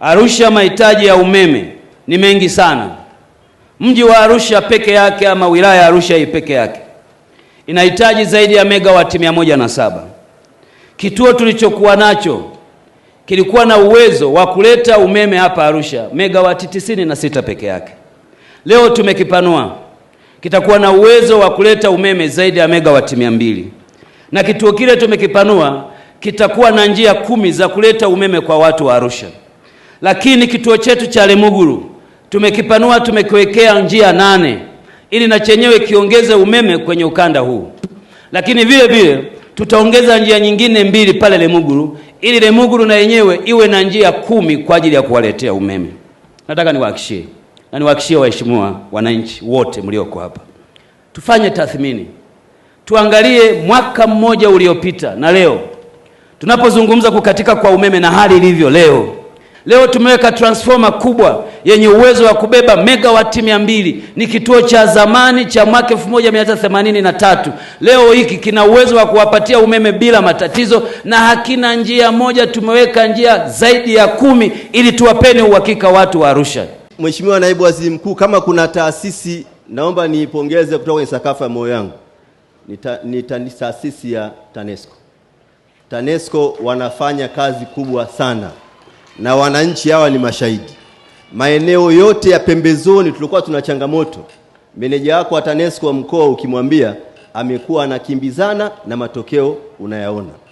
Arusha mahitaji ya umeme ni mengi sana. Mji wa Arusha peke yake ama wilaya ya Arusha hii peke yake inahitaji zaidi ya megawati mia moja na saba. Kituo tulichokuwa nacho kilikuwa na uwezo wa kuleta umeme hapa Arusha megawati tisini na sita peke yake. Leo tumekipanua kitakuwa na uwezo wa kuleta umeme zaidi ya megawati mia mbili na kituo kile tumekipanua kitakuwa na njia kumi za kuleta umeme kwa watu wa Arusha. Lakini kituo chetu cha Lemuguru tumekipanua, tumekiwekea njia nane ili na chenyewe kiongeze umeme kwenye ukanda huu, lakini vile vile tutaongeza njia nyingine mbili pale Lemuguru ili Lemuguru na yenyewe iwe na njia kumi kwa ajili ya kuwaletea umeme. Nataka niwahakishie na niwahakishie waheshimiwa wananchi wote mlioko hapa, tufanye tathmini, tuangalie mwaka mmoja uliopita na leo tunapozungumza kukatika kwa umeme na hali ilivyo leo Leo tumeweka transformer kubwa yenye uwezo wa kubeba megawati mia mbili. Ni kituo cha zamani cha mwaka tatu. Leo hiki kina uwezo wa kuwapatia umeme bila matatizo, na hakina njia moja, tumeweka njia zaidi ya kumi ili tuwapeni uhakika watu wa Arusha. Mheshimiwa Naibu Waziri Mkuu, kama kuna taasisi naomba niipongeze kutoka kwenye sakafu ya moyo yangu ni taasisi ya TANESCO. TANESCO wanafanya kazi kubwa sana na wananchi hawa ni mashahidi. Maeneo yote ya pembezoni tulikuwa tuna changamoto. Meneja wako wa TANESCO wa mkoa ukimwambia, amekuwa anakimbizana na matokeo unayaona.